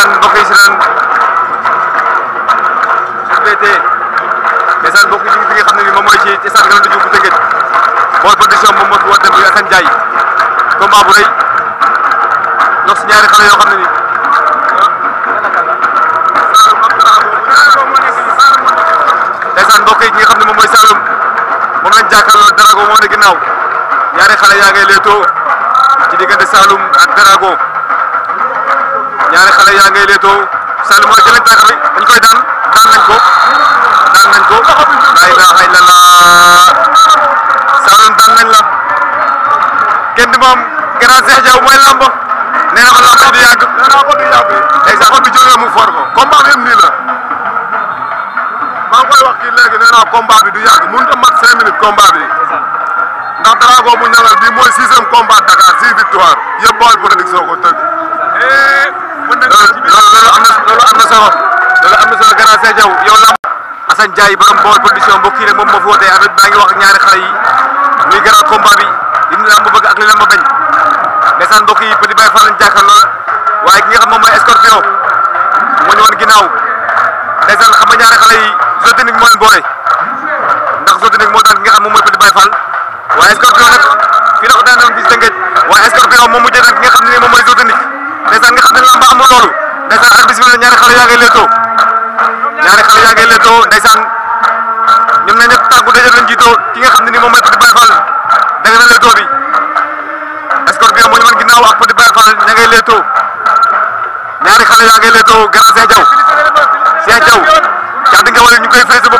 ndeysaan mbokk yi si naan SBT ndeysaan mbokk yi ñu ngi fi nga xam ne ni moom mooy ci ci sànq rajo bu tënkee bool production moom moo fi woote bu Assane Ndiaye combat bu rëy dox si ñaari xale yoo xam ne ni. ndeysaan mbokk yi ki nga xam ne moom mooy Saloum moom lañ jàkkaarloo Darago moo ne ginnaaw ñaari xale yaa ngay leetoo ci diggante Saloum ak Darago. ñaari xale yaa ngay leetoo Sall mooy jëlañ tànk bi dañ koy daan daan nañ ko daan nañ ko laa ilaaha illallah Saalum daan nañ la kenn di moom grand Cheikh Diaw mooy lamb nee na ko lamb yi di yàgg exemple bi jógee mu for ko bi yëpp nii la maa ngi koy wax kii léegi nee naa combat bi du yàgg mënut a mat cinq minutes combat bi ndax Drago bu ñangal bii mooy sixième combat Dakar six victoire yëpp Baol Production ko tëgg Sèye Diaw yow la Assane Ndiaye borom bool production mbokk yi rek moom moo fi wootee avec maa ngi wax ak ñaari xale yi muy grand combat bi li ñu lamb bëgg ak li lamb bañ ndeysaan mbokk yi Petit Baye Fall lañ jàkkaarloo waaye ki nga xam moom mooy Scorpion moo ñu wan ginnaaw ndeysaan xam nga ñaari xale yi zone technique moo leen boole ndax zone technique moo daan ki nga xam moom mooy Petit Baye Fall waaye Scorpion nag fii la ko daan doon gis dëngëj waaye Scorpion moom mujjee nag ki nga xam ne moom daanaka xale yaa ngi leetoo ndeysaan ñoom ñoo ñëpp tàggu daje nañ jiitoo ki nga xam ne nii moom mooy Petit Baye Fall dégg na leetoo bi Scorpion moo ñu mën ginnaaw ak Petit Baye Fall ña ngay leetoo ñaari xale yaa ngi leetoo Grand Cheikh Diaw Cheikh Diaw caati nga wala ñu koy félicité bu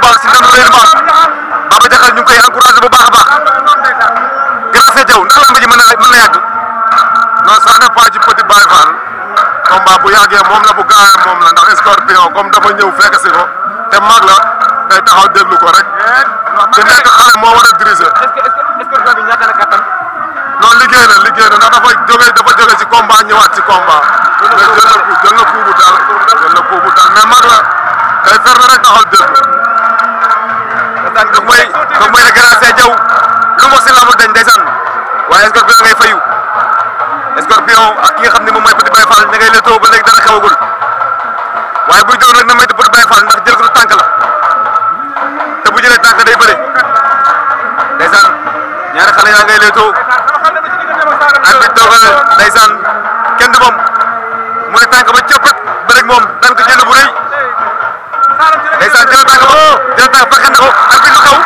yàggee ma la bu gaawee moom la ndax scorpion comme dafa ñëw fekk si ko te mag la day taxaw déglu ko rek. te nekk xale moo war a dirigé. est ce que scorpion bi ñàkk na kattan. non liggéey na liggéey na ndax dafa jógee dafa jógee ci combat ñëwaat ci na coup jël na mag la day fer rek taxaw déglu. daf may daf may regressé jaw lu ma si lamb dañ ndeysaan waaye scorpion a fayu scorpion ak ki xam ne moom mooy petit bay fall ña ngay létoo waaye buy doon nag na moytu pour Baye Fall ndax jël ko du tànk la te bu jëlee tànk day bëre ndeysaan ñaari xale yaa ngay leetoo ak bi a ndeysaan kenn du moom mu ne tànk ba cëppat bëre moom daan ko jël bu rëy ndeysaan jël tànk ba jël tànk na ko ak bi lu xew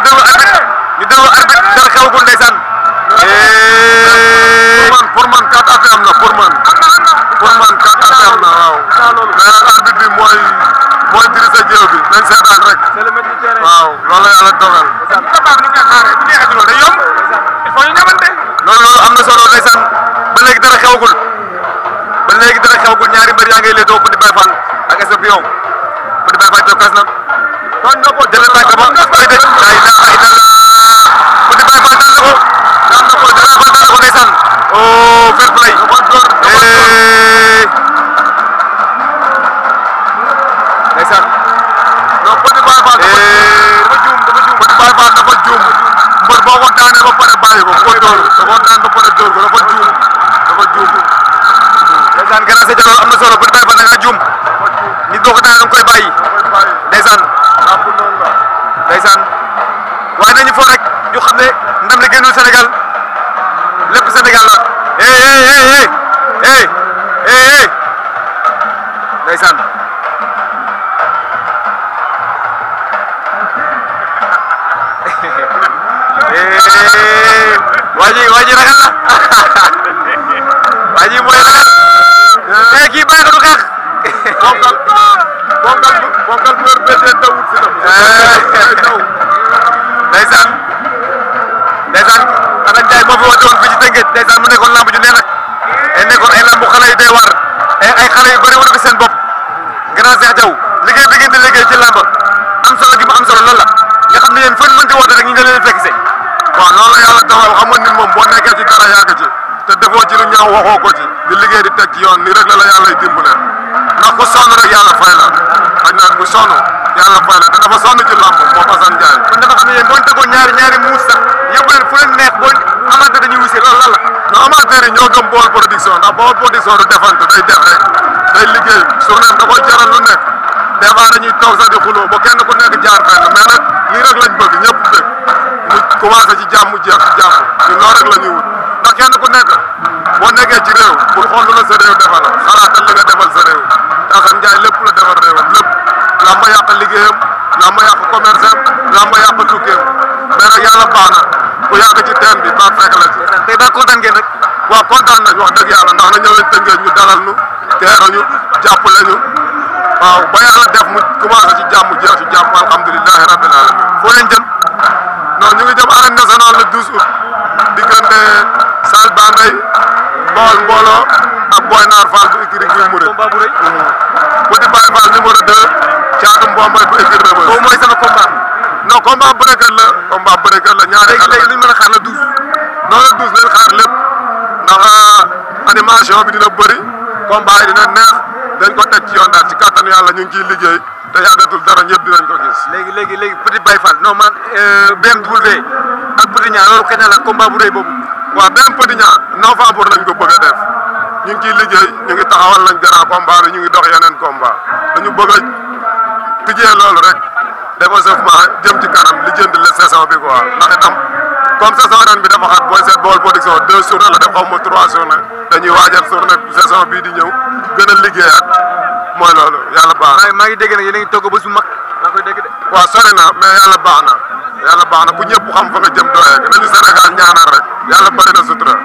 ñu déglu arbitre ñu déglu arbitre dara xewagul ndeysaan eh. xewagul ba léegi dara xewagul ñaari mbër yaa ngay leetoo Petit Baye Fall ak Escorpion Petit Baye Fall jokkas na. kon nga ko jëlee tànk ba. solo bu ñu bàyyi ba da ngaa juum nit boo ko daanee da nga koy bàyyi ndeysaan ndeysaan waaye nañu foo rek ñu xam ne ndam li génnul Sénégal lépp Sénégal la hey hey hey hey hey ndeysaan waa ji waa ji ragal na waa ji mooy ragal tey eh, kii baax du xeex. bonkal bonkal bonkal bu wér bés yéen tawut si la. Eh. ndeysaan ndeysaan Assane Ndiaye moo fi woote woon fii ci Tëngéej ndeysaan mu nekkoon lamb ju nee nag eh, ay nekkoon ay lamb xale yu doy waar ay xale yu bëri wane ko seen bopp grand Cheikh Diaw liggéey bi ngeen di liggéey ci lamb am solo gi mu am solo loolu la nga xam ne yéen fan mënti woote rek ñu nga leen fekk see. waaw loolu la yàlla taxaw xam nga nit moom boo nekkee ci dara yaa ngi yoon waxoo ko ci di liggéey di teg ci yoon ni rek la la yàlla dimbale ndax ku sonn rek yàlla fay la xaj na ku sonn yàlla fay la te dafa sonn ci lamb moo Assane Ndiaye kon dafa xam ne yéen boo ñu tegoon ñaari ñaari muus sax yóbbu leen fu leen neex boo amateur dañuy wisi loolu lan la non amateur yi ñoo gëm production ndax bool production du defante day def rek day liggéey journée da koy jaral lu nekk des fois dañuy toog di xuloo ba kenn ku nekk jaar fenn mais nag kenn ku nekk boo nekkee ci réew pour xool lu la sa réew defal xalaatal li nga defal sa réew Taasan Njaay lépp la defal réewam lépp làmb yàq liggéeyam làmb yàq commerce am làmb yàq tukkeem mais nag yàlla baax na ku yàgg ci teen bi baax fekk la ci. tey daa kontaan ngeen rek. waaw kontaan nañ wax dëgg yàlla ndax na ñëw nañ tëngee ñu dalal ñu teeral ñu jàppale ñu waaw ba yàlla def mu commencé ci jàmm jeex ci jàmm alhamdulilah. Bawol Mbooloo ak Boy Naar Fall bu écurie Gris Mouride. Petit Baye Fall numéro 2 Thiatou Mbombay bu écurie Rebeuss. boobu mooy sama combat. non combat bërëkkat la. combat bërëkkat la ñaari xar la léegi léegi li ñu mën a xaar la douze. non la douze lañ xaar lépp ndax euh, animation bi dina bëri combat yi dina neex dañ ko teg ci yoon daal ci kattanu yàlla ñu ngi ciy liggéey. te yàggatul dara ñëpp dinañ ko gis. léegi léegi léegi Petit Baye Fall non man euh, BMW ak Petit Niang loolu xëy na la combat bu rëy boobu. waaw beneen petit ñaar novembre lañ ko bëgg a def ñu ngi ciy liggéey ñu ngi taxawal nañ grand combat bi ñu ngi dox yeneen komba dañu ñu a tijjee loolu rek développement jëm ci kanam li jënd la saison bi quoi ndax itam comme saison ren bi dafa xat booy seet bool production deux journées la def xaw ma trois journées dañuy waajal journée saison bii di ñëw gën liggéey liggéeyaat mooy loolu yàlla baax na. maa ngi dégg nag a ngi togg ba su mag maa ngi koy dégg de. waaw sori na mais yàlla baax na yàlla baax na bu ñëpp xam fa nga jëm doyee nañu Sénégal ñaanal rek. yàlla bari na sutura